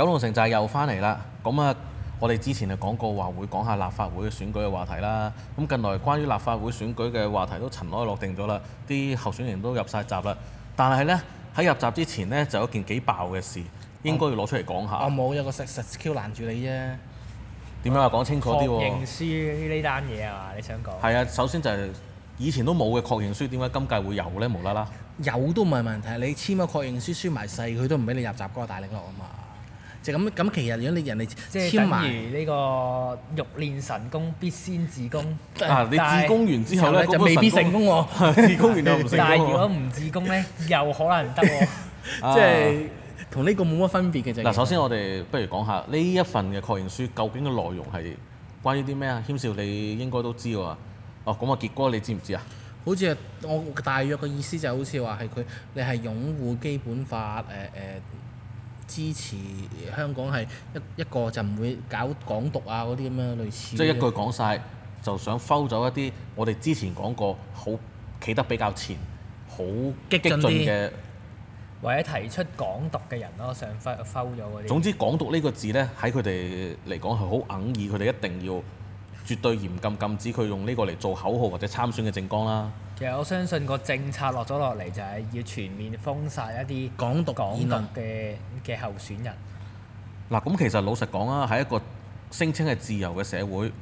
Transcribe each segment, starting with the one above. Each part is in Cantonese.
九龍城寨又翻嚟啦。咁啊，我哋之前就講過話會講下立法會選舉嘅話題啦。咁近來關於立法會選舉嘅話題都塵埃落定咗啦，啲候選人都入晒閘啦。但係呢，喺入閘之前呢，就有件幾爆嘅事，應該要攞出嚟講下。我冇，有個實實 Q 攔住你啫。點樣啊？講清楚啲喎。確認書呢單嘢係嘛？你想講？係啊，首先就係以前都冇嘅確認書，點解今屆會有呢？無啦啦有都唔係問題，你簽咗確認書，輸埋細佢都唔俾你入閘嗰個大嶺落啊嘛。就咁咁，其實如果你人哋即係簽埋呢個欲練神功，必先自宮。啊！你自宮完之後咧，就未必成功喎、啊。自宮 完又唔成功、啊。 但係如果唔自宮咧， 又可能得喎、啊。 即係同呢個冇乜分別嘅就嗱。首先我哋不如講下呢一份嘅確認書，究竟嘅內容係關於啲咩啊？謙少，你應該都知㗎喎。哦，咁啊，結果你知唔知啊？好似我大約嘅意思，就好似話係佢，你係擁護基本法誒誒。呃呃呃支持香港係一一個，就唔會搞港獨啊嗰啲咁樣類似。即係一句講晒，就想收走一啲我哋之前講過好企得比較前、好激進嘅，或者提出港獨嘅人咯，想收收咗嗰啲。總之，港獨呢個字呢，喺佢哋嚟講係好硬耳，佢哋一定要絕對嚴禁禁止佢用呢個嚟做口號或者參選嘅政綱啦。其實我相信個政策落咗落嚟，就係要全面封殺一啲港獨、港獨、港獨嘅嘅候選人。嗱，咁其實老實講啊，喺一個聲稱係自由嘅社會，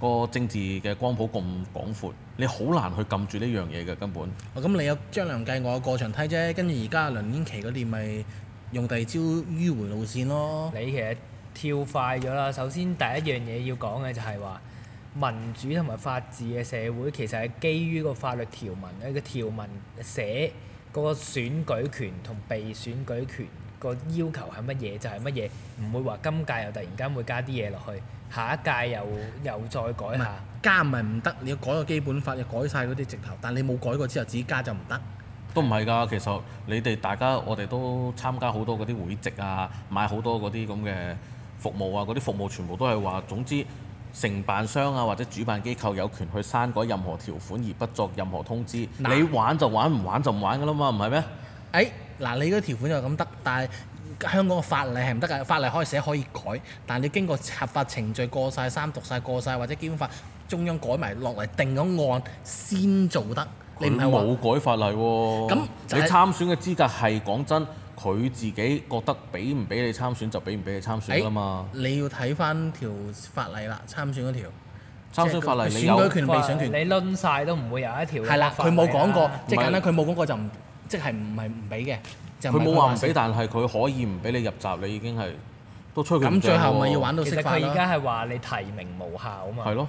個政治嘅光譜咁廣闊，你好難去撳住呢樣嘢嘅根本。咁、哦、你有張良計，我有過牆梯啫。跟住而家林建奇嗰啲，咪用第二招迂迴路線咯。你其實跳快咗啦。首先第一樣嘢要講嘅就係話。民主同埋法治嘅社會其實係基於個法律條文嘅，個條文寫嗰個選舉權同被選舉權個要求係乜嘢就係乜嘢，唔會話今屆又突然間會加啲嘢落去，下一屆又又再改下。加咪唔得？你要改個基本法，要改晒嗰啲直頭。但你冇改過之後，自己加就唔得。都唔係㗎，其實你哋大家我哋都參加好多嗰啲會籍啊，買好多嗰啲咁嘅服務啊，嗰啲服務全部都係話總之。承辦商啊或者主辦機構有權去刪改任何條款而不作任何通知，喏你玩就玩，唔玩就唔玩噶啦嘛，唔係咩？誒嗱、哎，你嗰條款就咁得，但係香港嘅法例係唔得㗎，法例可以寫可以改，但係你要經過合法程序過晒三讀晒過晒，或者基本法中央改埋落嚟定咗案先做得，你唔係冇改法例喎、啊？咁、就是、你參選嘅資格係講真。佢自己覺得俾唔俾你參選就俾唔俾你參選啦嘛、欸！你要睇翻條法例啦，參選嗰條。參選法例選權你有啊？你攆晒都唔會有一條一個法例啊。係啦，佢冇講過，是即係簡單，佢冇講過就唔即係唔係唔俾嘅。佢冇話唔俾，但係佢可以唔俾你入閘，你已經係都催佢咁最後咪要玩到識其實佢而家係話你提名無效啊嘛。係咯。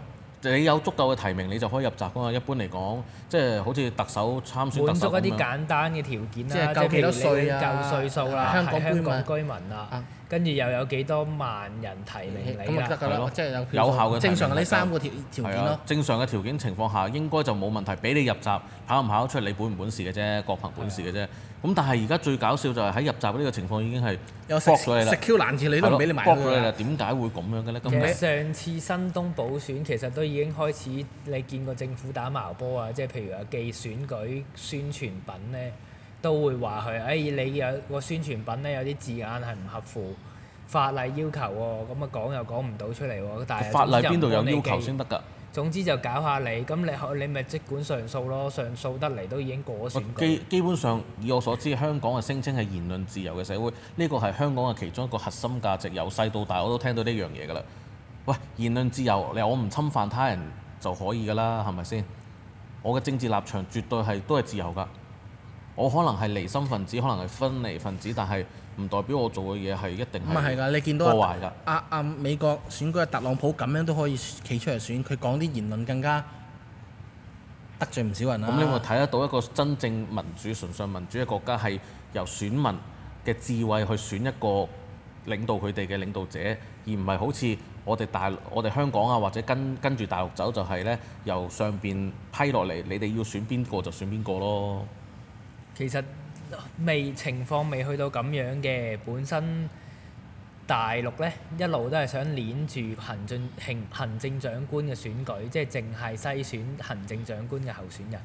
你有足夠嘅提名，你就可以入閘噶嘛？一般嚟講，即係好似特首參選等等咁樣。滿足一啲簡單嘅條件，即係夠幾多歲啊，夠歲數啦，香港居民啊。跟住又有幾多萬人提名你，咁咪得㗎啦。了即係有，有效嘅、就係，正常嘅呢三個條條件咯。正常嘅條件情況下，應該就冇問題。俾你入閘，考唔考得出，你本唔本事嘅啫，各憑本事嘅啫。咁了但係而家最搞笑就係喺入閘呢個情況已經係有削咗你啦。食 Q 難字你都唔俾你買啦。點解會咁樣嘅咧？今其實上次新東補選，其實都已經開始，你見過政府打茅波啊？即、就、係、是、譬如話，寄選舉宣傳品咧。都會話佢，哎，你有個宣傳品咧，有啲字眼係唔合符法例要求喎、哦，咁啊講又講唔到出嚟喎，但係法例邊度有要求先得㗎？總之就搞下你，咁你你咪即管上訴咯，上訴得嚟都已經過咗時。基本上以我所知，香港嘅聲稱係言論自由嘅社會，呢個係香港嘅其中一個核心價值，由細到大我都聽到呢樣嘢㗎啦。喂，言論自由，你我唔侵犯他人就可以㗎啦，係咪先？我嘅政治立場絕對係都係自由㗎。我可能係離心分子，可能係分離分子，但係唔代表我做嘅嘢係一定唔係。你見到破壞㗎。啊、啊啊、美國選舉嘅特朗普咁樣都可以企出嚟選，佢講啲言論更加得罪唔少人啦。咁你會睇得到一個真正民主、純粹民主嘅國家係由選民嘅智慧去選一個領導佢哋嘅領導者，而唔係好似我哋大、我哋香港啊，或者跟、跟住大陸走就係呢。由上邊批落嚟，你哋要選邊個就選邊個咯。其實未情況未去到咁樣嘅，本身大陸呢一路都係想鏈住行政行行政長官嘅選舉，即係淨係篩選行政長官嘅候選人。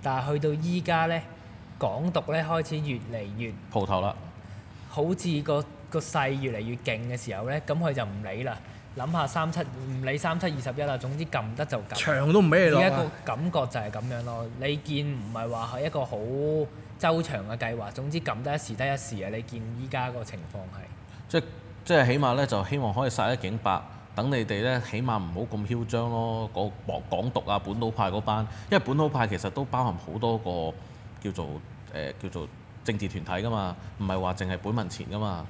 但係去到依家呢，港獨呢開始越嚟越蒲頭啦。好似個個勢越嚟越勁嘅時候呢，咁佢就唔理啦。諗下三七唔理三七二十一啦，21，總之撳得就撳。長都唔俾你咯。依家一個感覺就係咁樣咯。哇你見唔係話係一個好周長嘅計劃，總之撳得一時得一時啊！你見依家個情況係。即即係起碼咧，就希望可以殺一儆百，等你哋咧，起碼唔好咁囂張咯。嗰個港獨啊、本土派嗰班，因為本土派其實都包含好多個叫做誒、呃、叫做政治團體噶嘛，唔係話淨係本民前噶嘛。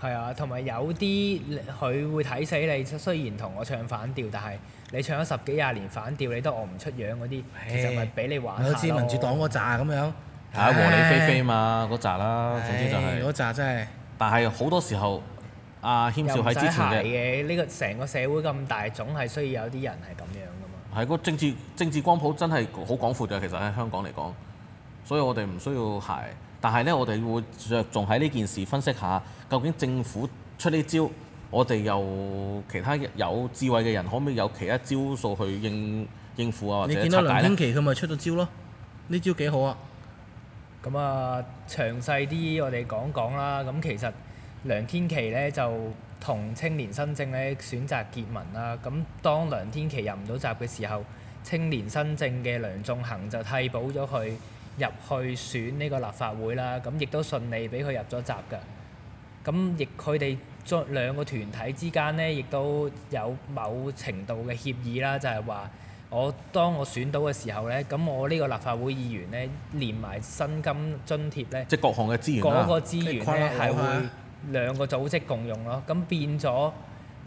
係啊，同埋有啲佢會睇死你，雖然同我唱反調，但係你唱咗十幾廿年反調，你都我唔出樣嗰啲，嘿其實咪俾你玩好似民主黨嗰扎咁樣。係啊，哎、和理非非嘛嗰扎啦，哎、總之就係、是。嗰紮真係。但係好多時候，阿軒少喺之前嘅。嘅呢、呢個成個社會咁大，總係需要有啲人係咁樣噶嘛。係，個政治政治光譜真係好廣闊嘅，其實喺香港嚟講，所以我哋唔需要鞋。但係呢，我哋會着重喺呢件事分析下，究竟政府出呢招，我哋又其他有智慧嘅人，可唔可以有其他招數去應應付啊？或者拆解呢？你見到梁天琦佢咪出咗招咯？呢招幾好啊！咁啊、嗯，詳細啲我哋講講啦。咁其實梁天琦呢，就同青年新政呢選擇結盟啦。咁當梁天琦入唔到閘嘅時候，青年新政嘅梁仲恒就替補咗佢。入去選呢個立法會啦，咁亦都順利俾佢入咗閘㗎。咁亦佢哋將兩個團體之間呢，亦都有某程度嘅協議啦，就係、是、話我當我選到嘅時候呢，咁我呢個立法會議員呢，連埋薪金津貼呢，即各項嘅資源啦，嗰個資源咧係會兩個組織共用咯。咁、嗯、變咗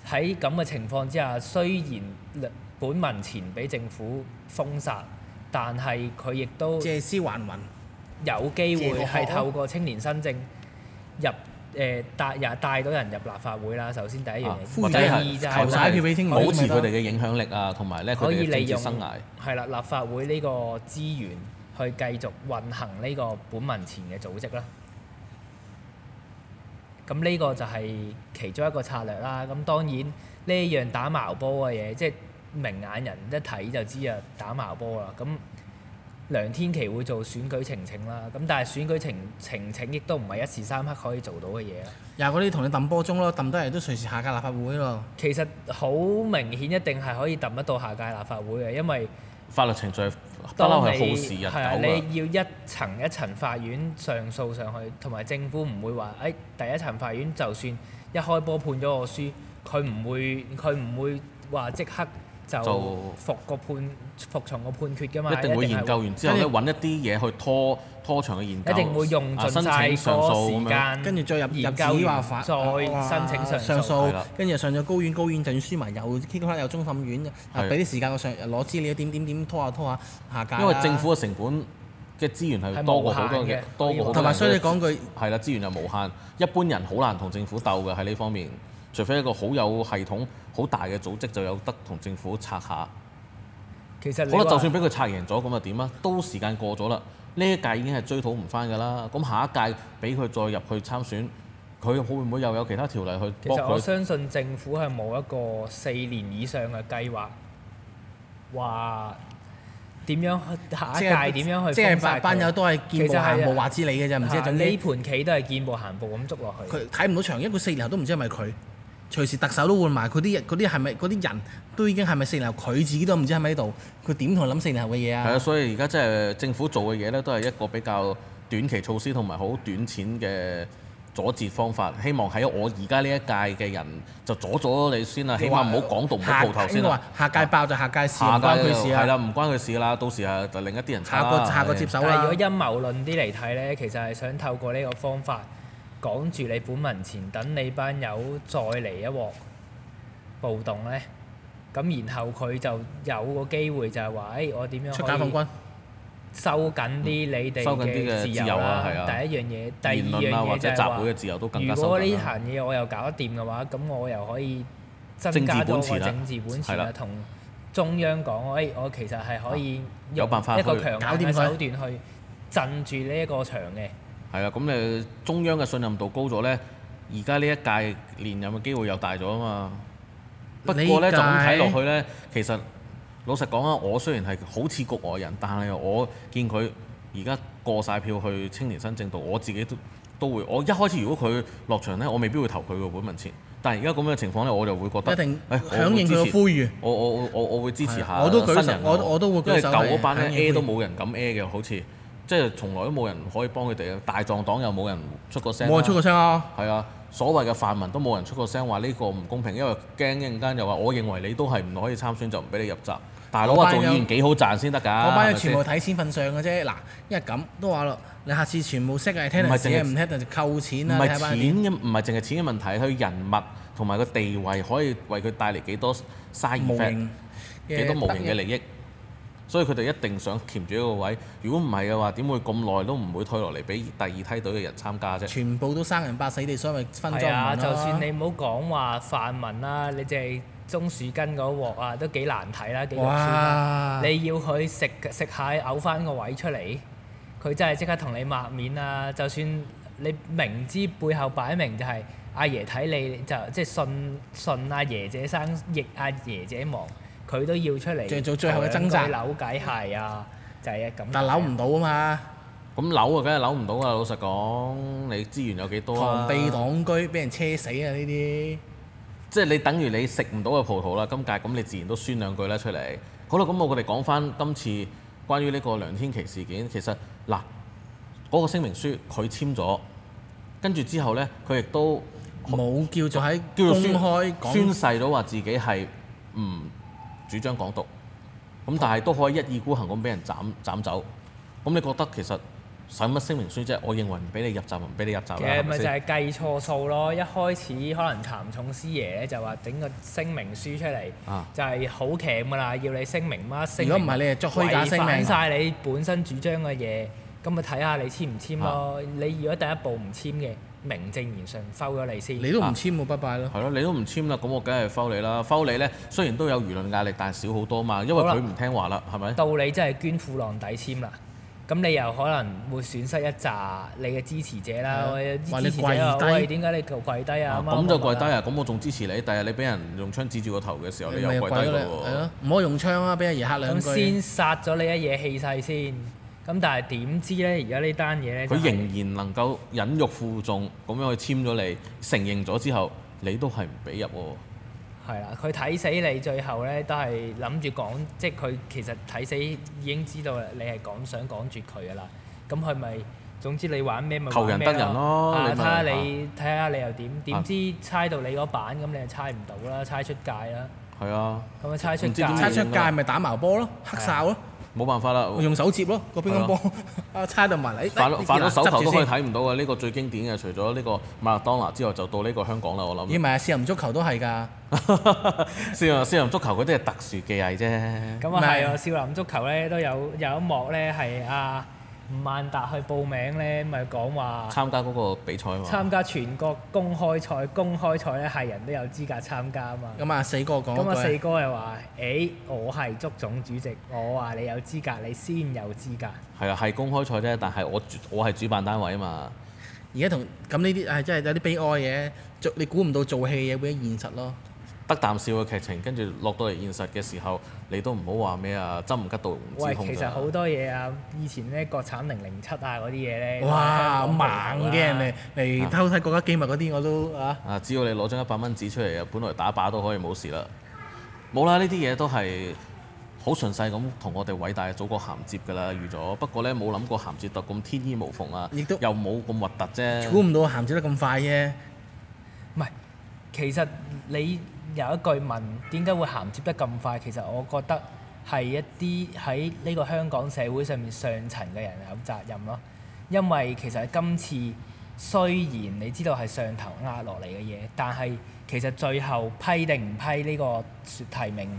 喺咁嘅情況之下，雖然本民前俾政府封殺。但係佢亦都借屍還魂，有機會係透過青年新政入誒、呃、帶也帶到人入立法會啦。首先第一樣嘢，啊、第二就係、係就係、保持佢哋嘅影響力啊，同埋咧佢哋政治生涯係啦。立法會呢個資源去繼續運行呢個本民前嘅組織啦。咁呢個就係其中一個策略啦。咁當然呢樣、這個、打茅波嘅嘢，即係。明眼人一睇就知啊，打麻波啦！咁梁天琦會做選舉情情啦，咁但係選舉情情情亦都唔係一時三刻可以做到嘅嘢啊！又嗰啲同你揼波鐘咯，揼得人都隨時下屆立法會咯。其實好明顯，一定係可以揼得到下屆立法會嘅，因為法律程序單單係耗時日久嘛。係啊，你要一層一層法院上訴上去，同埋政府唔會話誒第一層法院就算一開波判咗我輸，佢唔會佢唔會話即刻。就服個判，服從個判決㗎嘛。一定會研究完之後咧，揾一啲嘢去拖拖長個延。一定會用盡曬個時間，跟住再入研究，話再申請上上訴。跟住上咗高院，高院就算輸埋，又傾翻又終審院，啊，俾啲時間我上攞資料，點點點拖下拖下下界。因為政府嘅成本嘅資源係多過好多嘅，多過好多嘅。同埋所以你講句，係啦資源又無限，一般人好難同政府鬥嘅喺呢方面。除非一個好有系統、好大嘅組織就有得同政府拆下。其實你覺得就算俾佢拆贏咗，咁啊點啊？都時間過咗啦，呢一屆已經係追討唔翻㗎啦。咁下一屆俾佢再入去參選，佢會唔會又有其他條例去？其實我相信政府係冇一個四年以上嘅計劃，話點樣下一屆點樣去？即係班友都係見步行步話之理嘅啫，唔知喺呢、啊、盤棋都係見步行步咁捉落去。佢睇唔到場，因為佢四年後都唔知係咪佢。隨時特首都換埋，啲嗰啲係咪啲人都已經係咪四年後？佢自己都唔知喺咪呢度，佢點同佢諗四年後嘅嘢啊？係啊，所以而家真係政府做嘅嘢咧，都係一個比較短期措施同埋好短淺嘅阻截方法。希望喺我而家呢一屆嘅人就阻阻你先啊！說起碼唔好廣度嘅鋪頭先。下下屆爆就下屆事，唔屆關佢事啊！係啦屆，唔關佢事啦，事到時啊，另一啲人下個下個接手啦。的如果陰謀論啲嚟睇咧，其實係想透過呢個方法。講住你本文前，等你班友再嚟一鑊暴動呢。咁然後佢就有個機會就係話，誒、欸、我點樣可以收緊啲你哋嘅自由啊？嗯，一第一樣嘢，第二樣嘢就係話，如果呢行嘢我又搞得掂嘅話，咁我又可以增加到我政治本錢啦，同、嗯、中央講，誒、欸、我其實係可以一個強硬手段去鎮住呢一個場嘅。係啊，咁誒中央嘅信任度高咗呢？而家呢一屆連任嘅機會又大咗啊嘛。不過呢，就咁睇落去呢，其實老實講啊，我雖然係好似局外人，但係我見佢而家過晒票去青年新政度，我自己都都會，我一開始如果佢落場呢，我未必會投佢個本文錢。但係而家咁樣嘅情況呢，我就會覺得，一定，誒，響應佢嘅呼籲，我我我我我會支持，會支持下我。我都舉手，我，我都會舉手嘅。因為舊嗰班咧，A 都冇人敢 A 嘅，好似。即係從來都冇人可以幫佢哋嘅，大狀黨又冇人出過聲，冇人出過聲啊，係啊，所謂嘅泛民都冇人出過聲話呢個唔公平，因為驚一陣間又話，我認為你都係唔可以參選就唔俾你入閘。大佬呀，做議員幾好賺先得㗎，我班友全部睇錢份上嘅啫。嗱，因為咁都話咯，你下次全部識嘅聽就聽，唔聽就扣錢啊。唔係錢咁，唔係淨係錢嘅問題，佢人物同埋個地位可以為佢帶嚟幾多 side effect，幾多無形嘅利益。所以佢哋一定想鉗住呢個位，如果唔係嘅話，點會咁耐都唔會退落嚟俾第二梯隊嘅人參加啫？全部都生人霸死地，所以分莊啊，啊！就算你唔好講話泛民啦、啊，你即係鍾樹根嗰鑊啊，都幾難睇啦、啊，幾肉酸啦、啊！哇你要佢食食下，嘔翻個位出嚟，佢真係即刻同你抹面啊！就算你明知背後擺明就係、是、阿、啊、爺睇你就即係、就是、信信阿、啊、爺者生，逆、啊、阿爺者亡。佢都要出嚟，做最後嘅掙扎，扭計係啊，就係啊咁。但扭唔到啊嘛。咁扭啊，梗係扭唔到啊！老實講，你資源有幾多啊？螳臂當車，俾人車死啊！呢啲即係你等於你食唔到嘅葡萄啦。今屆咁，你自然都酸兩句啦出嚟。好啦，咁我哋講翻今次關於呢個梁天琦事件。其實嗱，嗰、那個聲明書佢簽咗，跟住之後呢，佢亦都冇叫做喺公開叫做宣誓到話自己係唔主張港獨，咁但係都可以一意孤行咁俾人斬斬走。咁你覺得其實使乜聲明書啫？我認為唔俾你入閘，唔俾你入閘嘅咪就係計錯數咯。是是一開始可能譚重師爺就話整個聲明書出嚟，啊、就係好攬㗎啦，要你聲明乜？如果唔係你係作虛假聲明晒你本身主張嘅嘢，咁咪睇下你簽唔簽咯。啊、你如果第一步唔簽嘅。名正言順，收咗你先。你都唔簽、啊、我拜拜咯。係咯，你都唔簽啦，咁我梗係收你啦。收你咧，雖然都有輿論壓力，但係少好多嘛，因為佢唔吧聽話啦，係咪？道理真係捐褲浪底簽啦，咁你又可能會損失一紮你嘅支持者啦。喂、啊，我支持者啊，點解你叫「你跪低啊？咁、啊、就跪低啊！咁、啊、我仲、啊、支持你，第日你俾人用槍指住個頭嘅時候，你又跪低咯喎、啊！唔好、啊、用槍啊！俾人而嚇兩句先殺咗你一嘢氣勢先。咁但係點知呢？而家呢單嘢咧，佢仍然能夠忍辱負重咁樣去簽咗你，承認咗之後，你都係唔俾入喎。係啊，佢睇死你，最後呢都係諗住講，即係佢其實睇死已經知道你係講想講住佢噶啦。咁佢咪總之你玩咩咪求人得人咯。啊，睇下你睇下你又點？點知猜到你嗰版咁，你係猜唔到啦，猜出界啦。係啊。咁啊，猜出界，猜出界咪打矛波咯，黑哨咯。冇辦法啦，用手接咯個乒乓波，啊叉到埋嚟，犯到犯到手球都可以睇唔到嘅，呢個最經典嘅，除咗呢個馬當娜之外，就到呢個香港啦，我諗。咦？唔係啊，少林足球都係㗎，少少林足球嗰啲係特殊技藝啫。咁啊係啊，少林足球咧都有有一幕咧係啊。萬達去報名咧，咪講話參加嗰個比賽嘛？參加全國公開賽，公開賽咧係人都有資格參加啊嘛。咁啊、嗯，四哥講，咁啊、嗯、四哥又話，誒、欸，我係足總主席，我話你有資格，你先有資格。係啊，係公開賽啫，但係我我係主辦單位啊嘛。而家同咁呢啲係真係有啲悲哀嘅，做你估唔到做戲嘅嘢會現實咯。得啖笑嘅劇情，跟住落到嚟現實嘅時候，你都唔好話咩啊，針唔吉到止控其實好多嘢啊，以前呢國產零零七啊嗰啲嘢呢，哇，猛嘅、啊、人哋，嚟偷睇國家機密嗰啲，啊、我都啊。啊，只要你攞張一百蚊紙出嚟啊，本來打靶都可以冇事啦。冇啦，呢啲嘢都係好順勢咁同我哋偉大嘅祖國銜接㗎啦，預咗。不過呢冇諗過銜接得咁天衣無縫啊，亦都又冇咁核突啫。估唔到銜接得咁快啫、啊。唔係，其實你。有一句問，點解會銜接得咁快？其實我覺得係一啲喺呢個香港社會上面上層嘅人有責任咯。因為其實今次，雖然你知道係上頭壓落嚟嘅嘢，但係其實最後批定唔批呢個提名，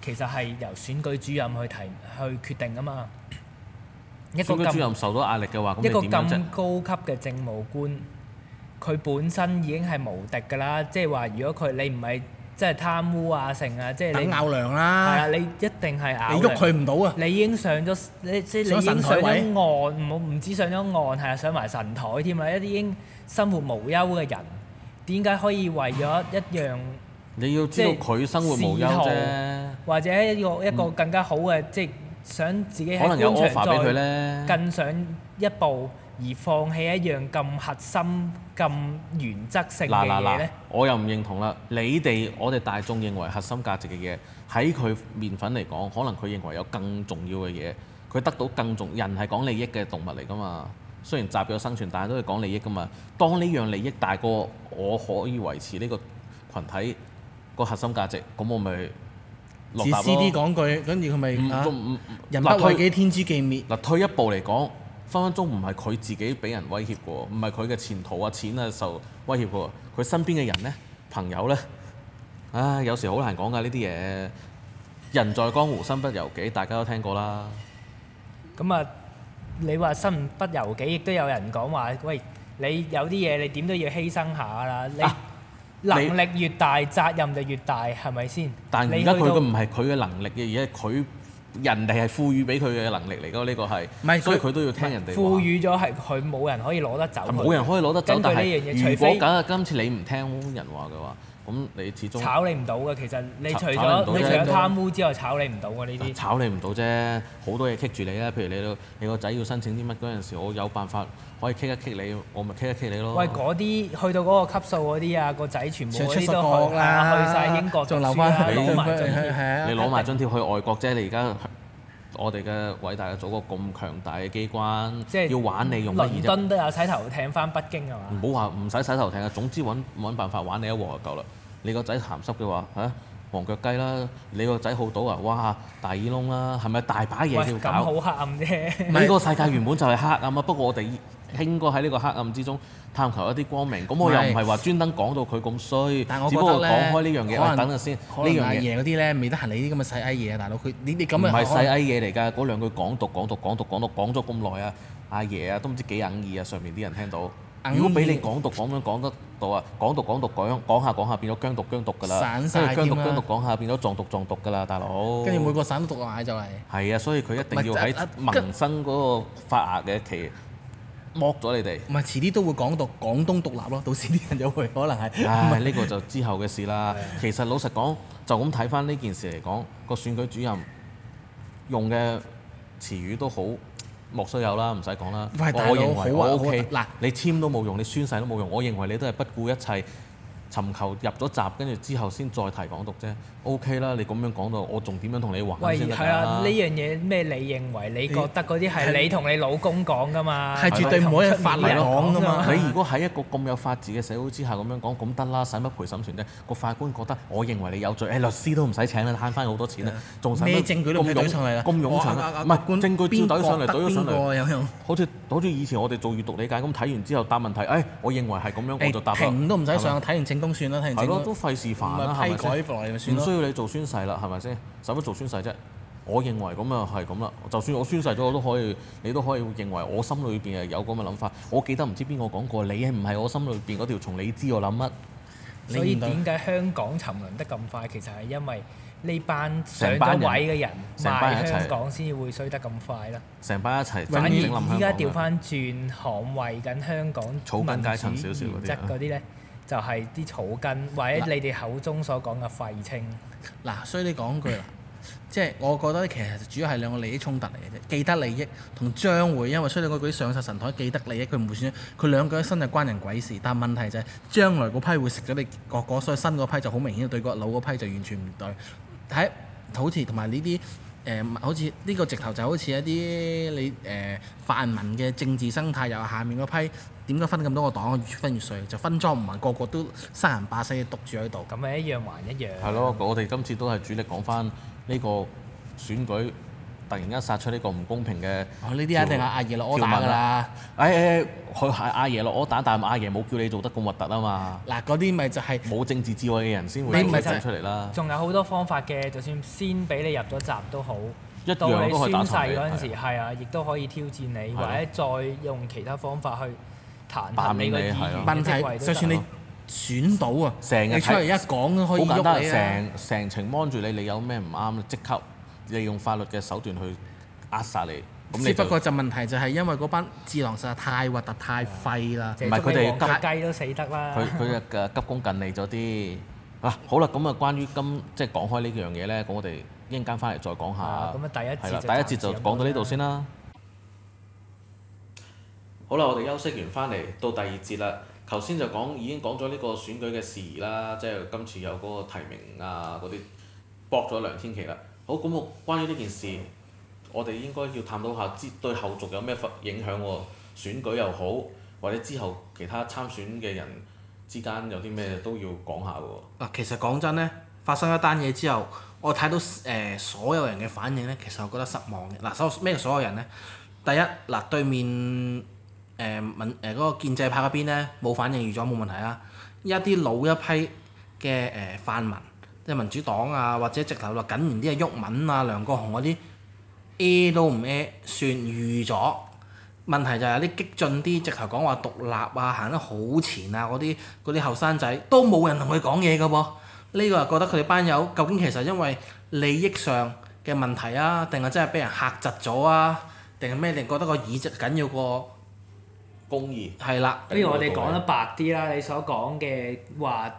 其實係由選舉主任去提去決定㗎嘛。一個咁，主任受到壓力嘅話，一個咁高級嘅政務官，佢本身已經係無敵㗎啦。即係話，如果佢你唔係。即係貪污啊，成啊！即係你咬糧啦，係啊！你一定係咬。你喐佢唔到啊！你已經上咗，你即係你已經上咗岸，冇唔止上咗岸，係上埋神台添啦！一啲已經生活無憂嘅人，點解可以為咗一樣？你要知道佢、就是、動生活無憂啫，或者一個一個更加好嘅，即係、嗯、想自己可能有喺官場再更上一步。而放棄一樣咁核心、咁原則性嘅嘢咧？我又唔認同啦。你哋我哋大眾認為核心價值嘅嘢，喺佢面粉嚟講，可能佢認為有更重要嘅嘢，佢得到更重。人係講利益嘅動物嚟㗎嘛。雖然集體生存，但係都係講利益㗎嘛。當呢樣利益大過我可以維持呢個群體個核心價值，咁我咪自私啲講句，跟住佢咪人不為己，天誅地滅。嗱，退一步嚟講。分分鐘唔係佢自己俾人威脅過，唔係佢嘅前途啊、錢啊受威脅過。佢身邊嘅人呢，朋友呢，唉，有時好難講㗎呢啲嘢。人在江湖身不由己，大家都聽過啦。咁啊，你話身不由己，亦都有人講話，喂，你有啲嘢你點都要犧牲下啦。你能力越大，啊、責任就越大，係咪先？是是但而家佢嘅唔係佢嘅能力嘅，而係佢。人哋係賦予俾佢嘅能力嚟㗎，呢個係，所以佢他都要聽人哋。賦予咗係佢，冇人可以攞得走。冇人可以攞得走，但係是除非 如果梗係今次你唔聽人話嘅話。咁你始終炒你唔到嘅，其實你除咗你，你除咗貪污之外，炒你唔到嘅呢啲。炒你唔到啫，好多嘢棘住你啦。譬如你你個仔要申請啲乜嗰陣時，我有辦法可以棘一棘你，我咪棘一棘你咯。喂，嗰啲去到嗰個級數嗰啲啊，個仔全部嗰啲都去晒英國，仲留翻攞埋張票。你攞埋張票去外國啫，你而家。我哋嘅偉大嘅祖國咁強大嘅機關，即係是 要玩你用嘅耳。倫敦都有洗頭艇返北京係嘛？唔好話唔使洗頭艇啊！總之揾揾辦法玩你一鑊就夠，啊、啦。你個仔鹹濕嘅話嚇，黃腳雞啦；你個仔好賭啊，哇大耳窿啦、啊，係咪大把嘢要搞？咁好黑暗啫！呢、呢個世界原本就係黑暗啊！ 不過我哋。興哥喺呢個黑暗之中探求一啲光明，咁我又唔係話專登講到佢咁衰，但我只不過講開呢樣嘢。我等下先，呢樣嘢嗰啲咧未得閒理啲咁嘅細閪嘢啊，大佬。佢你你咁樣唔係細閪嘢嚟㗎，嗰兩句講讀講讀講讀講讀講咗咁耐啊，阿爺啊都唔、啊、知幾硬耳啊，上面啲人聽到。如果俾你講讀講樣講得到啊，講讀講讀講樣講下講下變咗「僵毒、僵毒」㗎啦，即係「僵毒、僵毒」講下變咗「撞毒、撞毒」㗎啦，大佬。跟住每個省都讀埋就係。係啊，所以佢一定要喺民生嗰個發芽嘅期。剝咗你哋，唔係遲啲都會講到廣東獨立咯，到時啲人就會可能係，唔係呢個就之後嘅事啦。 其實老實講，就咁睇翻呢件事嚟講，個選舉主任用嘅詞語都好莫須有啦，唔使講啦。喂，我認為我 O K 嗱，啊、你簽都冇用，你宣誓都冇用，我認為你都係不顧一切。尋求入咗閘，跟住之後先再提港獨啫。O K 啦，你咁樣講到，我仲點樣同你揾先啊，呢樣嘢咩？你認為、你覺得嗰啲係你同你老公講㗎嘛？係絕對唔可以法嚟講㗎嘛！你如果喺一個咁有法治嘅社會之下咁樣講，咁得啦，使乜陪審團啫？個法官覺得，我認為你有罪，誒，律師都唔使請啦，慳翻好多錢啦，仲咩證據都堆上嚟啦，咁勇場，唔係證據都堆上嚟，堆上嚟，好似好似以前我哋做閱讀理解咁，睇完之後答問題，誒，我認為係咁樣，我就答啦。誒，都唔使上，睇完整算啦，係咯，都費事煩啦，唔需要你做宣誓啦，係咪先？使乜做宣誓啫？我認為咁啊，係咁啦。就算我宣誓咗，我都可以，你都可以會認為我心裏邊係有咁嘅諗法。我記得唔知邊個講過你，你係唔係我心裏邊嗰條蟲？你知我諗乜？你以所以點解香港沉淪得咁快？其實係因為呢班上咗位嘅人成班人賣香港，先會衰得咁快啦。成班一齊反而。依家調翻轉，捍衞緊香港草根階層嗰啲咧。就係啲草根，或者你哋口中所講嘅廢青。嗱，所以你講句啦，即係 我覺得其實主要係兩個利益衝突嚟嘅啫。既得利益同將會，因為出咗嗰句上集神台，既得利益佢唔會算，佢兩個一心就關人鬼事。但問題就係將來嗰批會食咗你個個，所以新嗰批就好明顯對個老嗰批就完全唔對。但係好似同埋呢啲。誒、呃，好似呢、這個直頭就好似一啲你誒泛民嘅政治生態，又下面嗰批點解分咁多個黨，越分越碎，就分裝唔埋，個個都生人霸死獨住喺度，咁咪一樣還一樣。係咯，我哋今次都係主力講翻呢個選舉。突然間殺出呢個唔公平嘅，哦呢啲肯定係阿爺落柯打㗎啦。誒誒，佢係阿爺落柯打，但係阿爺冇叫你做得咁核突啊嘛。嗱，嗰啲咪就係冇政治智慧嘅人先會出嚟啦。仲有好多方法嘅，就算先俾你入咗閘都好，到你宣誓嗰陣時，係啊，亦都可以挑戰你，或者再用其他方法去彈你個議員職位都得。問題係，就算你選到啊，成日睇，好簡單，成成程望住你，你有咩唔啱，即刻，利用法律嘅手段去扼殺你，咁你，只不過就問題就係因為嗰班智囊實在太核突、太廢啦，唔係佢哋急雞都死得啦。佢佢啊，急功近利咗啲。啊，好啦，咁啊，關於今即係講開呢樣嘢呢。咁我哋一陣間翻嚟再講下。咁啊，第一節啦，第一節就講到呢度先啦。好啦，我哋休息完翻嚟到第二節啦。頭先就講已經講咗呢個選舉嘅事宜啦，即係今次有嗰個提名啊，嗰啲搏咗梁天琦啦。好，咁我關於呢件事，我哋應該要探討下，知對後續有咩分影響喎？選舉又好，或者之後其他參選嘅人之間有啲咩都要講下喎。嗱，其實講真咧，發生一單嘢之後，我睇到誒、呃、所有人嘅反應咧，其實我覺得失望嘅。嗱、呃，所咩所有人咧？第一，嗱、呃、對面誒、呃、民誒嗰、呃嗰個建制派嗰邊咧冇反應，預咗冇問題啊！一啲老一批嘅誒、呃、泛民。即係民主黨啊，或者直頭話緊，唔啲啊毓民啊、梁國雄嗰啲，a 都唔 a，、啊、算預咗。問題就係有啲激進啲，直頭講話獨立啊，行得好前啊，嗰啲嗰啲後生仔都冇人同佢講嘢㗎喎。呢、這個又覺得佢哋班友究竟其實因為利益上嘅問題啊，定係真係俾人嚇窒咗啊？定係咩？定覺得個議席緊要過公義義？係啦了。不如我哋講得白啲啦，你所講嘅話。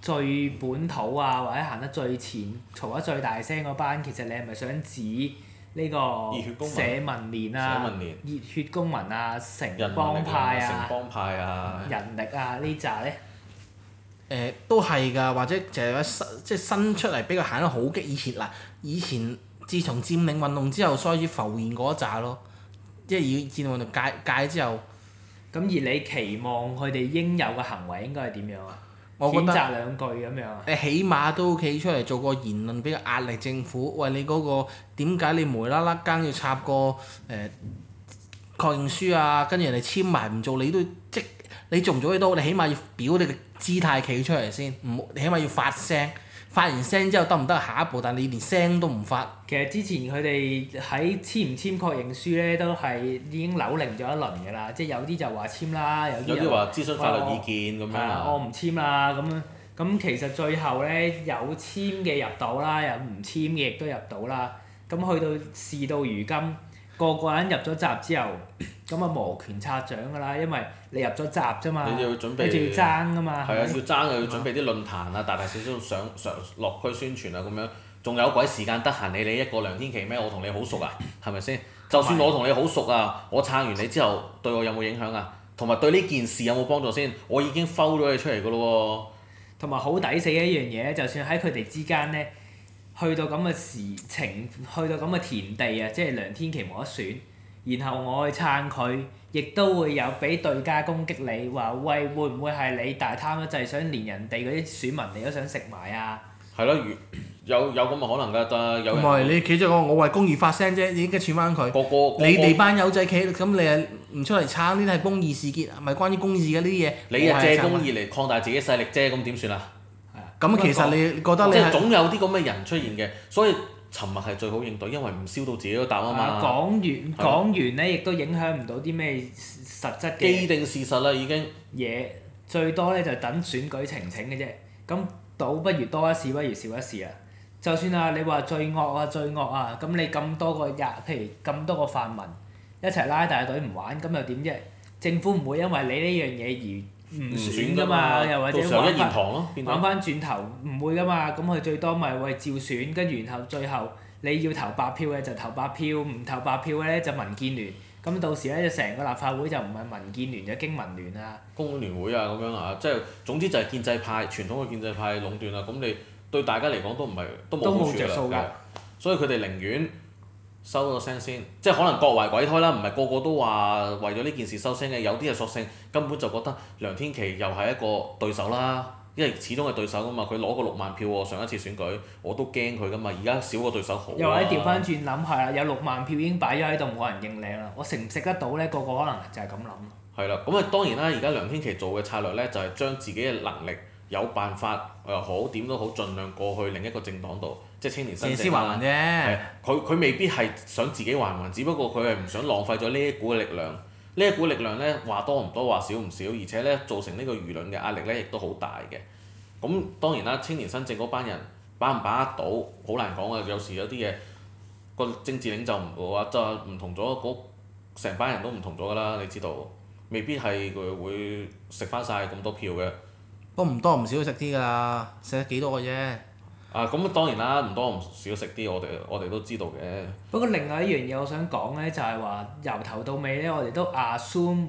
最本土啊，或者行得最前、嘈得最大聲嗰班，其實你係咪想指呢個，社民連啊、熱血、啊、熱血公民啊、城邦派啊、人力啊呢扎咧？誒、呃，都係噶，或者就係新即係新出嚟，比較行得好激，以前嗱，以前自從佔領運動之後，所以浮現嗰扎咯。即係以佔領運動界界之後，咁、嗯、而你期望佢哋應有嘅行為應該係點樣啊？我覺得你起碼都企出嚟做個言論，俾個壓力政府。喂，你嗰、那個點解你無啦啦更要插個誒、呃、確認書啊？跟住人哋簽埋唔做，你都即你做唔做都好，你起碼要表你嘅姿態企出嚟先，唔，你起碼要發聲。發完聲之後得唔得？下一步，但你連聲都唔發。其實之前佢哋喺簽唔簽確認書咧，都係已經扭擰咗一輪嘅啦。即係有啲就話簽啦，有啲話諮詢法律意見、哎、我唔簽啦咁。咁、嗯、其實最後咧，有簽嘅入到啦，有唔簽嘅亦都入到啦。咁去到事到如今。個個人入咗閘之後，咁啊磨拳擦掌噶啦，因為你入咗閘啫嘛，你就要，要爭噶嘛，係啊，要爭啊，要準備啲論壇啊，嗎大大小小，小上上落區宣傳啊，咁樣。仲有鬼時間得閒理你一個梁天琦咩？我同你好熟啊，係咪先？ 吧就算我同你好熟啊， 我撐完你之後，對我有冇影響啊？同埋對呢件事有冇幫助先？我已經摟咗你出嚟噶咯喎。同埋好抵死嘅一樣嘢，就算喺佢哋之間咧。去到咁嘅時情，去到咁嘅田地啊，即係梁天琦冇得選，然後我去撐佢，亦都會有俾對家攻擊你，話喂，會唔會係你大貪啊？就係、是、想連人哋嗰啲選民你都想食埋啊？係咯，有有咁嘅可能㗎，但係唔係你企住講我為公義發聲啫，你應該轉翻佢。你哋班友仔企，咁你又唔出嚟撐呢啲係公義事件，唔係關於公義嘅呢啲嘢。你又借公義嚟擴大自己勢力啫，咁點算啊？咁其實你覺得你即總有啲咁嘅人出現嘅，所以沉默係最好應對，因為唔燒到自己個膽啊嘛。講完講完咧，亦都影響唔到啲咩實質嘅。既定事實啦，已經嘢最多咧就等選舉澄清嘅啫。咁倒不如多一事不如少一事啊！就算啊，你話罪惡啊罪惡啊，咁、啊、你咁多個日，譬如咁多個泛民一齊拉大隊唔玩，咁又點啫？政府唔會因為你呢樣嘢而～唔選噶嘛，又或者玩翻，一言堂啊、玩翻轉頭，唔會噶嘛。咁佢最多咪為照選，跟住然後最後你要投白票嘅就投白票，唔投白票嘅咧就民建聯。咁到時咧就成個立法會就唔係民建聯，就經民聯啊。工聯會啊，咁樣啊，即係總之就係建制派傳統嘅建制派壟斷啦。咁你對大家嚟講都唔係都冇着數噶。所以佢哋寧願，收咗聲先，即係可能各懷鬼胎啦，唔係個個都話為咗呢件事收聲嘅，有啲係索性根本就覺得梁天琦又係一個對手啦。因為始終係對手噶嘛，佢攞過六萬票喎，上一次選舉我都驚佢噶嘛，而家少個對手好，啊。又或者調翻轉諗係啊，有六萬票已經擺咗喺度，冇人認領啦，我食唔食得到咧？個個可能就係咁諗。係啦，咁啊當然啦，而家梁天琦做嘅策略咧，就係將自己嘅能力有辦法，又好點都好，儘量過去另一個政黨度。即係青年新政佢未必係想自己還魂，只不過佢係唔想浪費咗呢一股力量。呢一股力量呢，話多唔多話少唔少，而且呢，造成呢個輿論嘅壓力呢，亦都好大嘅。咁當然啦，青年新政嗰班人能能把唔把得到，好難講嘅。有時有啲嘢個政治領袖唔好嘅話，就唔同咗成班人都唔同咗㗎啦。你知道未必係佢會食翻晒咁多票嘅。不不都唔多唔少食啲㗎，食得幾多嘅啫。啊，咁當然啦，唔多唔少食啲，我哋我哋都知道嘅。不過另外一樣嘢，我想講咧，就係話由頭到尾咧，我哋都 assume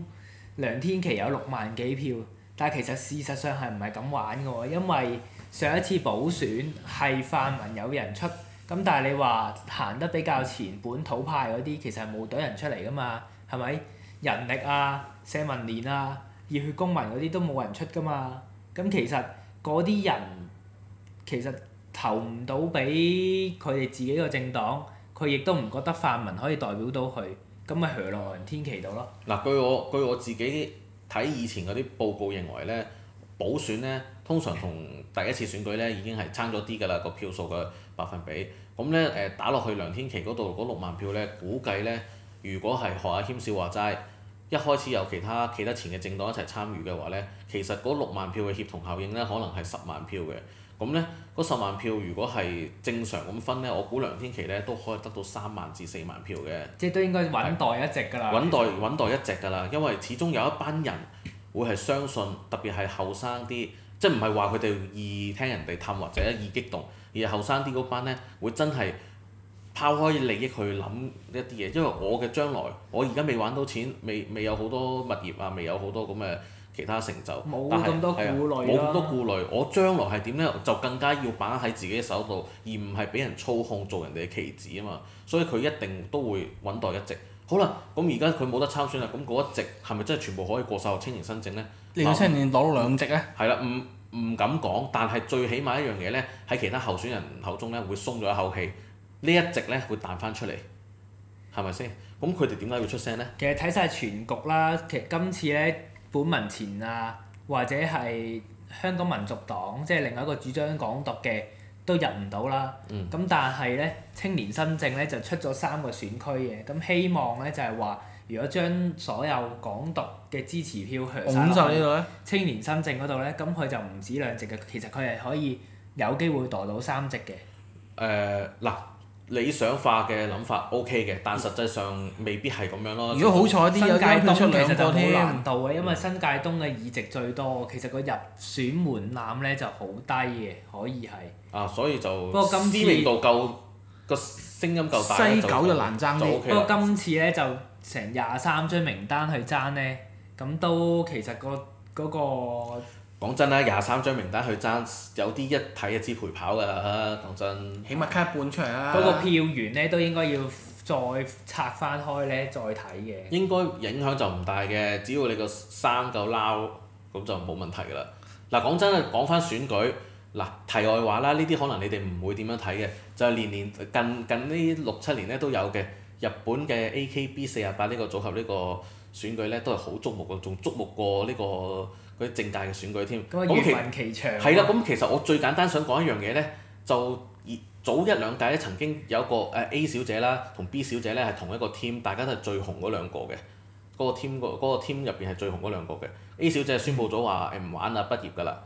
梁天琦有六萬幾票，但係其實事實上係唔係咁玩嘅喎，因為上一次補選係泛民有人出，咁但係你話行得比較前本土派嗰啲，其實係冇隊人出嚟㗎嘛，係咪？人力啊、社民連啊、熱血公民嗰啲都冇人出㗎嘛，咁其實嗰啲人其實。投唔到俾佢哋自己個政黨，佢亦都唔覺得泛民可以代表到佢，咁咪向落梁天琦度咯。嗱，據我據我自己睇以前嗰啲報告認為咧，補選咧通常同第一次選舉咧已經係差咗啲㗎啦，個票數嘅百分比。咁咧誒打落去梁天琦嗰度嗰六萬票咧，估計咧如果係何阿謙少話齋，一開始有其他企得前嘅政黨一齊參與嘅話咧，其實嗰六萬票嘅協同效應咧，可能係十萬票嘅。咁咧，嗰十萬票如果係正常咁分咧，我估梁天琦咧都可以得到三萬至四萬票嘅。即係都應該穩袋一席㗎啦。穩實袋穩袋一席㗎啦，因為始終有一班人會係相信，特別係後生啲，即係唔係話佢哋易聽人哋氹或者易激動，而係後生啲嗰班咧會真係拋開利益去諗一啲嘢，因為我嘅將來，我而家未揾到錢，未未有好多物業啊，未有好多咁嘅。其他成就，冇咁多顧慮，冇咁、啊、多顧慮。我將來係點咧？就更加要把握喺自己嘅手度，而唔係俾人操控做人哋嘅棋子啊嘛。所以佢一定都會穩待一席。好啦，咁而家佢冇得參選啦。咁嗰一席係咪真係全部可以過曬青年新政呢？令到青年攞兩席呢？係啦、啊，唔唔、啊、敢講，但係最起碼一樣嘢呢，喺其他候選人口中呢，會鬆咗一口氣。呢一席呢，會彈翻出嚟，係咪先？咁佢哋點解要出聲呢？其實睇晒全局啦，其實今次呢。本民前啊，或者係香港民族黨，即係另外一個主張港獨嘅，都入唔到啦。咁、嗯、但係呢，青年新政呢，就出咗三個選區嘅，咁希望呢，就係話，如果將所有港獨嘅支持票去向青年新政嗰度呢，咁佢就唔止兩席嘅，其實佢係可以有機會攞到三席嘅。誒嗱、呃。理想化嘅諗法 O.K. 嘅，但實際上未必係咁樣咯。如果好彩啲，就就新界東有啲編出兩個添。難度嘅，嗯、因為新界東嘅議席最多，其實個入選門檻咧就好低嘅，可以係。啊，所以就。不過今次，知名度夠，個聲音夠大。西九就難爭啲。OK、不過今次咧就成廿三張名單去爭咧，咁都其實個、嗰、嗰個。嗰個講真啦，廿三張名單去爭有啲一睇就知陪跑㗎啦，講真，起碼 cut 一半出嚟啦。不過票源咧都應該要再拆翻開咧再睇嘅。應該影響就唔大嘅，只要你個衫夠撈，咁就冇問題㗎啦。嗱，講真啊，講翻選舉嗱，題外話啦，呢啲可能你哋唔會點樣睇嘅，就係年年近近呢六七年咧都有嘅日本嘅 A K B 四十八呢個組合呢個選舉咧都係好矚目嘅，仲矚目過呢個。嗰啲政界嘅選舉添，咁啊餘韻其長。係啦，咁其實我最簡單想講一樣嘢咧，就早一兩屆咧曾經有一個誒 A 小姐啦，同 B 小姐咧係同一個 team，大家都係最紅嗰兩個嘅。嗰個 team 嗰個 team 入邊係最紅嗰兩個嘅，嗯、A 小姐宣佈咗話誒唔玩啦，畢業㗎啦。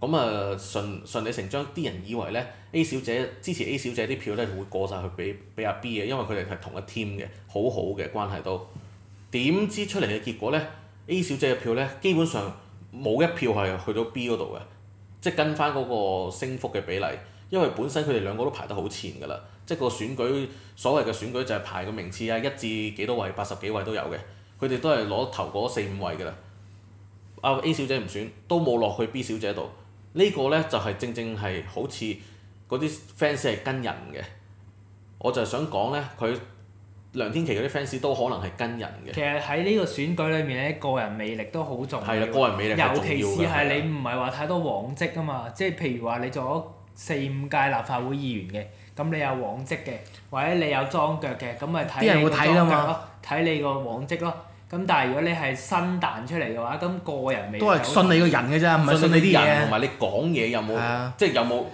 咁啊順順理成章，啲人以為咧 A 小姐支持 A 小姐啲票咧就會過晒去俾俾阿 B 嘅，因為佢哋係同一 team 嘅，好好嘅關係都。點知出嚟嘅結果咧？A 小姐嘅票咧基本上。冇一票係去到 B 嗰度嘅，即係跟翻嗰個升幅嘅比例，因為本身佢哋兩個都排得好前㗎啦，即係個選舉所謂嘅選舉就係排個名次啊，一至幾多位，八十幾位都有嘅，佢哋都係攞頭嗰四五位㗎啦。啊 A 小姐唔選，都冇落去 B 小姐度，這個、呢個咧就係、是、正正係好似嗰啲 fans 係跟人嘅，我就係想講咧佢。梁天琦嗰啲 fans 都可能係跟人嘅。其實喺呢個選舉裏面咧，個人魅力都好重要。係啦，個人魅力係重要嘅。尤其是係你唔係話太多往績啊嘛，即係的譬如話你做咗四五屆立法會議員嘅，咁你有往績嘅，或者你有裝腳嘅，咁咪睇。啲人會睇㗎嘛？睇你個往績咯，咁但係如果你係新彈出嚟嘅話，咁、那個人魅力都係信你個人嘅啫，唔係信你啲人同埋你講嘢、啊、有冇，的即係有冇。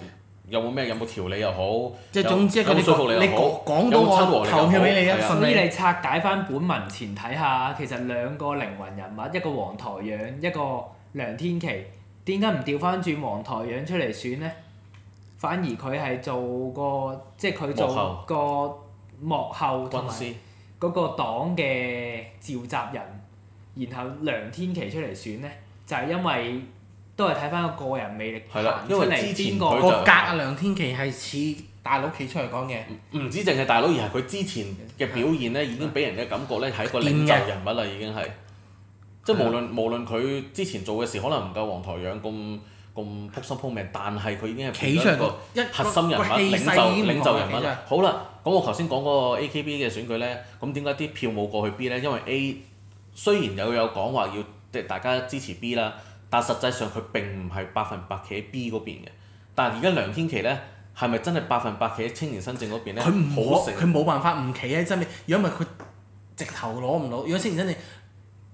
有冇咩？有冇條理又好，即冇訴求嚟又好。有親和力投票俾你啊！所以你拆解翻本文前睇下，其實兩個靈魂人物，一個黃台仰，一個梁天琦，點解唔掉翻轉黃台仰出嚟選呢？反而佢係做個，即係佢做個幕後同埋嗰個黨嘅召集人，然後梁天琦出嚟選呢，就係因為。都係睇翻個個人魅力行出嚟。因為之前個隔啊，梁天琦係似大佬企出嚟講嘅。唔止淨係大佬，而係佢之前嘅表現咧，已經俾人嘅感覺咧係一個領袖人物啦，已經係。即係無論無論佢之前做嘅事可能唔夠黃台仰咁咁撲心撲命，但係佢已經係企上個核心人物、領袖領袖人物。好啦，咁我頭先講嗰個 A K B 嘅選舉咧，咁點解啲票冇過去 B 咧？因為 A 雖然有有講話要大家支持 B 啦。但實際上佢並唔係百分百企喺 B 嗰邊嘅，但而家梁天琦咧係咪真係百分百企喺青年新政嗰邊咧？佢唔佢冇辦法唔企喺真面。如果唔係佢直頭攞唔到。如果青年新政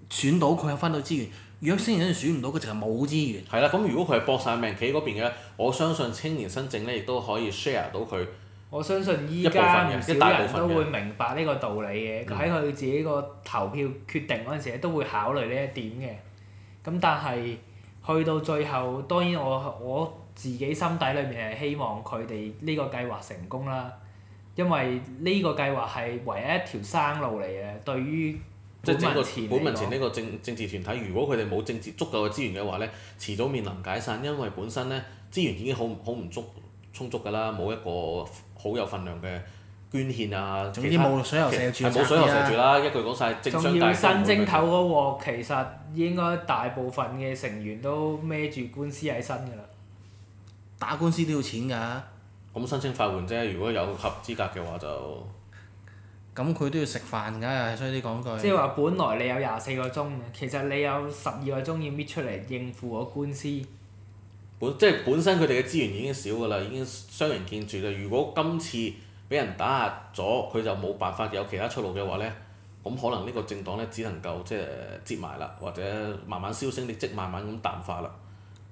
選到，佢有翻到資源；如果青年新政選唔到，佢就係冇資源。係啦，咁如果佢係搏晒命企喺嗰邊嘅，我相信青年新政咧亦都可以 share 到佢。我相信依家大部分都會明白呢個道理嘅，喺佢自己個投票決定嗰陣時都會考慮呢一點嘅。咁但係去到最後，當然我我自己心底裏面係希望佢哋呢個計劃成功啦，因為呢個計劃係唯一一條生路嚟嘅，對於本民前呢個政政治團體，如果佢哋冇政治足夠嘅資源嘅話咧，遲早面臨解散，因為本身咧資源已經好好唔足充足㗎啦，冇一個好有份量嘅。捐獻啊！總之冇水油成住啦，啊、一句講晒。仲要新蒸頭嗰鑊，其實應該大部分嘅成員都孭住官司喺身㗎啦。打官司都要錢㗎、啊。咁申請法援啫，如果有合資格嘅話就。咁佢都要食飯㗎、啊，所以啲講句。即係話，本來你有廿四個鐘嘅，其實你有十二個鐘要搣出嚟應付個官司。本即係、就是、本身佢哋嘅資源已經少㗎啦，已經相形見絀啦。如果今次，俾人打壓咗，佢就冇辦法有其他出路嘅話呢？咁可能呢個政黨呢，只能夠即係摺埋啦，或者慢慢銷聲，你即慢慢咁淡化啦。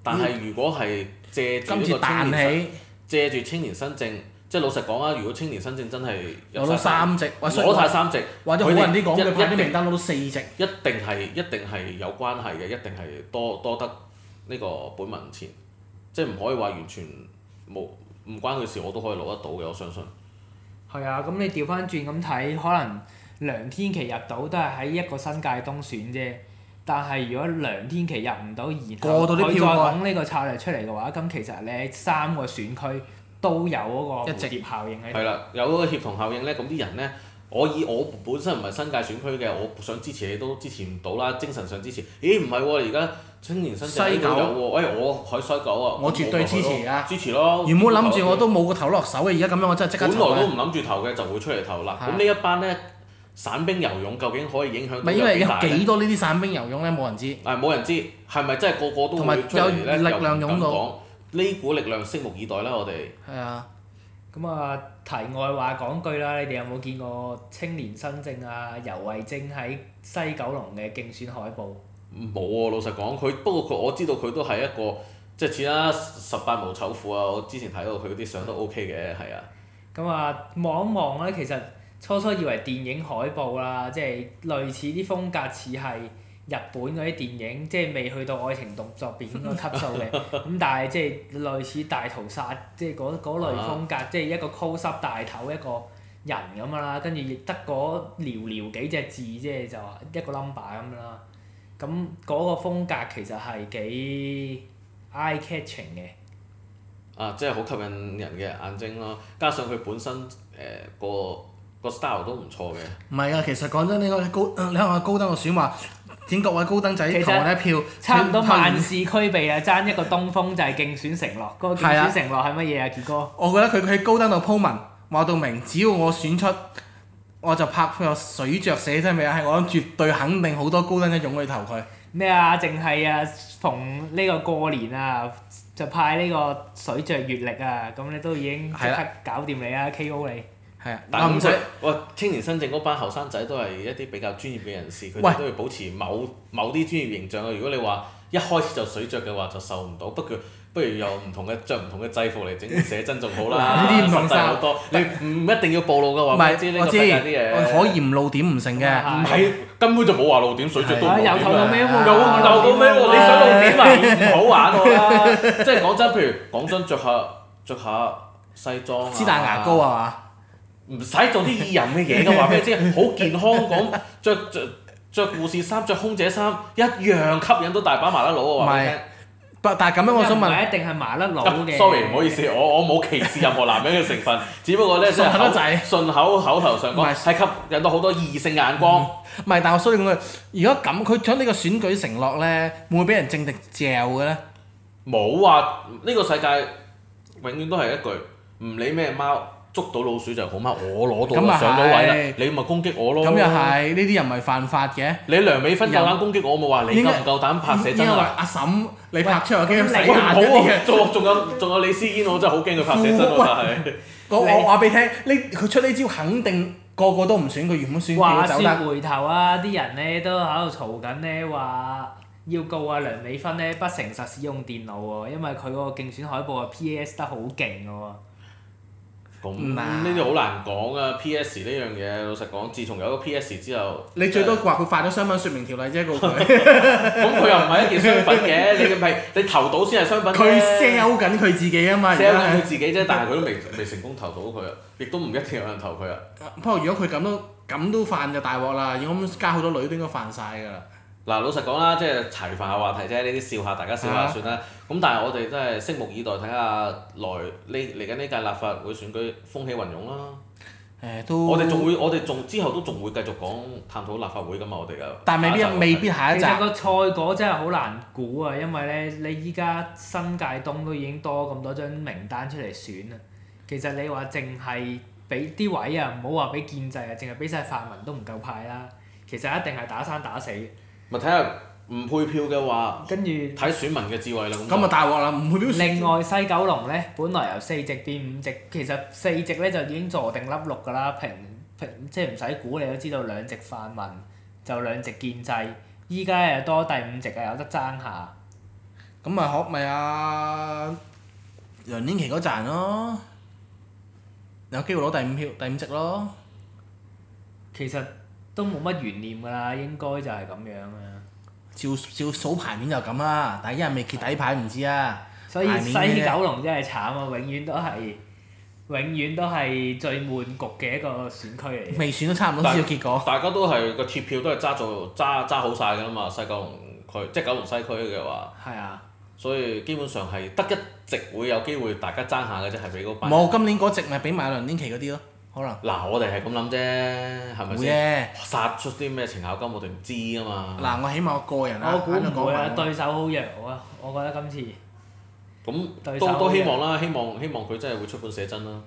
但係如果係借住呢個青年，彈起借住青年新政，即係老實講啊！如果青年新政真係攞晒三席，或者好人啲講嘅派啲名單攞到四席，一定係一定係有關係嘅，一定係多多得呢個本民前，即係唔可以話完全冇唔關佢事，我都可以攞得到嘅，我相信。係啊，咁你調翻轉咁睇，可能梁天琦入到都係喺一個新界東選啫。但係如果梁天琦入唔到，然後過到啲票啊！佢再揾呢個策略出嚟嘅話，咁其實你三個選區都有嗰個蝴蝶效應喺度。係啦，有嗰個協同效應咧，咁啲人咧，我以我本身唔係新界選區嘅，我想支持你都支持唔到啦，精神上支持。咦？唔係喎，而家。青年新政西九誒、哎，我海西九啊！我絕對支持啊！支持咯、啊！原本諗住我都冇個頭落手嘅，而家咁樣我真係即刻、啊。本來都唔諗住投嘅，就會出嚟投啦。咁呢、啊、一班咧，散兵游勇究竟可以影響到、啊、有幾大？因為幾多呢啲散兵游勇咧？冇人知。誒、哎，冇人知係咪真係個個都？同埋有，有力量湧到。呢股力量，拭目以待啦！我哋。係啊。咁啊，題外話講句啦，你哋有冇見過青年新政啊？游蕙禎喺西九龍嘅競選海報。冇啊！老實講，佢不過佢，我知道佢都係一個即係似啦十八無醜婦啊！我之前睇過佢嗰啲相都 OK 嘅，係啊。咁啊、嗯，望一望咧，其實初初以為電影海報啦，即係類似啲風格似係日本嗰啲電影，即係未去到愛情動作片級數嘅。咁 但係即係類似大屠殺， 即係嗰嗰類風格，啊、即係一個 close-up 大頭一個人咁啦，跟住亦得嗰寥寥幾隻字，即係就一個 number 咁啦。咁嗰個風格其實係幾 eye catching 嘅。啊，即係好吸引人嘅眼睛咯！加上佢本身誒、呃、個個 style 都唔錯嘅。唔係啊，其實講真，呢個高你睇下高登個選話，請各位高登仔投 一票，差唔多萬事俱備啊！爭 一個東風就係競選承諾。嗰個競選承諾係乜嘢啊，啊杰哥？我覺得佢佢喺高登度鋪文，話到明，只要我選出，我就拍佢個水著寫真未啊？係我絕對肯定好多高登一眾去投佢。咩啊？淨係啊，逢呢個過年啊，就派呢個水著月曆啊，咁你都已經即刻搞掂你啦、啊，K.O. 的你。係啊的。但係唔使，我青年新政嗰班後生仔都係一啲比較專業嘅人士，佢哋都要保持某某啲專業形象啊。如果你話一開始就水著嘅話，就受唔到，不過。不如有唔同嘅著唔同嘅制服嚟整寫真仲好啦，呢啲唔曬好多。你唔一定要暴露嘅話，我知。你知。可以唔露點唔成嘅。唔係根本就冇話露點，水著都唔露點啦。露到咩路？露咩你想露點啊？唔好玩喎！即係講真，譬如講真，著下著下西裝黐支牙膏啊！唔使做啲意淫嘅嘢，我話俾你知，好健康咁着著著護士衫、着空姐衫，一樣吸引到大把麻甩佬，我話俾你聽。但但係咁樣，我想問你，一定係麻甩佬嘅。Oh, sorry，唔好意思，我我冇歧視任何男人嘅成分， 只不過呢，即係順口口頭上講，係是吸引到好多異性眼光。唔係、嗯，但係我 sorry 如果咁，佢將呢個選舉承諾呢，會唔會俾人正定嚼嘅呢。冇啊！呢、呢個世界永遠都係一句唔理咩貓。捉到老鼠就好貓，我攞到咁上到位你咪攻擊我咯。咁又係呢啲人咪犯法嘅。你梁美芬夠膽攻擊我，冇話你夠唔夠膽拍寫真啊？因為阿嬸你拍出嚟驚死人。好啊，仲仲有仲有李思堅，我真係好驚佢拍寫真喎。喂，講我話俾你聽，呢佢出呢招肯定個個都唔選，佢原本選。話説回頭啊，啲人咧都喺度嘈緊咧，話要告阿梁美芬咧不誠實使用電腦喎，因為佢嗰個競選海報啊 P.S 得好勁嘅喎。咁呢啲好難講啊！P.S. 呢樣嘢，老實講，自從有個 P.S. 之後，你最多話佢犯咗商品説明條例啫，告佢。咁佢又唔係一件商品嘅， 你唔係 你投到先係商品。佢 sell 緊佢自己啊嘛！sell 緊佢自己啫，己 但係佢都未 未成功投到佢，啊，亦都唔一定有人投佢啊。不過如，如果佢咁都咁都犯就大鑊啦！咁加好多女都應該都犯晒㗎啦。嗱，老實講啦，即係茶餘飯後話題啫，呢啲笑下大家笑下算啦。咁、啊、但係我哋都係拭目以待看看，睇下來呢嚟緊呢屆立法會選舉風起雲湧啦。誒、欸，都我哋仲會，我哋仲之後都仲會繼續講探討立法會噶嘛，我哋啊。但未必，未必下一集。其實個賽果真係好難估啊！因為咧，你依家新界東都已經多咁多張名單出嚟選啊。其實你話淨係俾啲位啊，唔好話俾建制啊，淨係俾晒泛民都唔夠派啦、啊。其實一定係打生打死。咪睇下唔配票嘅話，跟住睇選民嘅智慧啦。咁啊大鑊啦，唔配票。另外西九龍呢，本來由四席變五席，其實四席呢就已經坐定粒六噶啦，平平即係唔使估你都知道，兩席泛民，就兩席建制，依家又多第五席啊，有得爭下。咁咪學咪啊？梁英琪嗰陣咯。有機會攞第五票第五席咯。其實。都冇乜懸念㗎啦，應該就係咁樣啊！照照數牌面就咁啦，但係因為未揭底牌唔知啊。所以西九龍真係慘啊！永遠都係永遠都係最悶局嘅一個選區嚟。未選都差唔多知道但結果。大家都係個鐵票都係揸做揸揸好晒㗎啦嘛，西九龍區即係九龍西區嘅話。係啊。所以基本上係得一席會有機會，大家爭下嘅啫，係俾嗰班。冇，今年嗰席咪俾馬雲年期嗰啲咯。可能嗱，我哋係咁諗啫，係咪先？會殺出啲咩程咬金，我哋唔知啊嘛。嗱，我起碼我個人我估唔到呀，對手好弱啊，我覺得今次。咁都都希望啦，希望希望佢真係會出本寫真啦。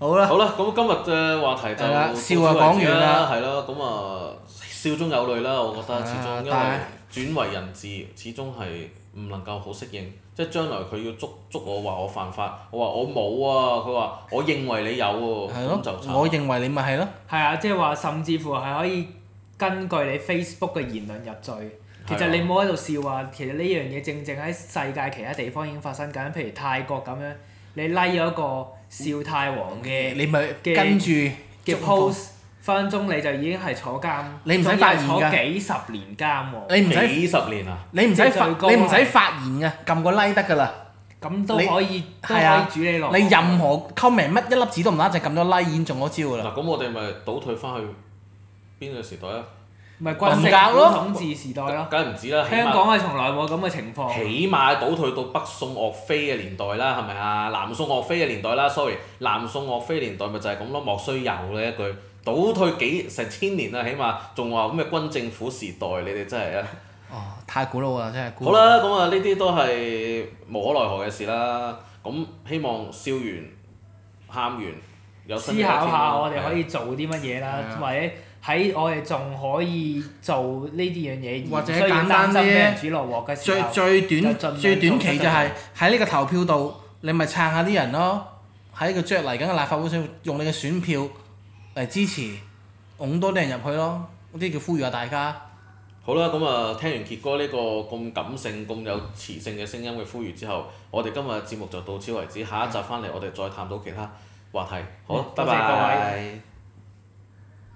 好啦。好啦，咁今日嘅話題就。笑話講完啦，係咯，咁啊，笑中有淚啦，我覺得始終因為轉為人治，始終係唔能夠好適應。即係將來佢要捉捉我話我犯法，我話我冇啊！佢話我認為你有喎、啊，的咁就差。我認為你咪係咯。係啊，即係話甚至乎係可以根據你 Facebook 嘅言論入罪。其實的你唔好喺度笑啊！其實呢樣嘢正正喺世界其他地方已經發生緊，譬如泰國咁樣，你 like 咗一個笑泰王嘅嘅 pose。分鐘你就已經係坐監，坐日坐幾十年監喎！你幾十年啊！你唔使發言嘅，撳個 like 得㗎啦。咁都可以都可以處理落。你任何溝明乜一粒子都唔拉，就撳咗 like，已經中咗招㗎啦！嗱，咁我哋咪倒退返去邊個時代啊？軍閥咯，統治時代咯。梗係唔止啦！香港係從來冇咁嘅情況。起碼倒退到北宋岳飛嘅年代啦，係咪啊？南宋岳飛嘅年代啦，Sorry，南宋岳飛年代咪就係咁咯，莫須有嘅一句。倒退幾成千年啦，起碼仲話咩軍政府時代，你哋真係啊！哦，太古老啊，真係古老。好啦，咁啊，呢啲都係無可奈何嘅事啦。咁希望笑完、喊完，有，有思考下我哋可以做啲乜嘢啦，啊啊、或者喺我哋仲可以做呢啲樣嘢。或者、啊、簡單啲咧。最最短最短期就係喺呢個投票度，你咪撐下啲人咯。喺個著嚟緊嘅立法會上，用你嘅選票。嚟支持，擁多啲人入去咯，嗰啲叫呼籲下大家。好啦，咁、嗯、啊，聽完傑哥呢個咁感性、咁、嗯、有磁性嘅聲音嘅呼籲之後，我哋今日嘅節目就到此為止，下一集翻嚟我哋再探討其他話題。好，嗯、拜拜，多謝各位。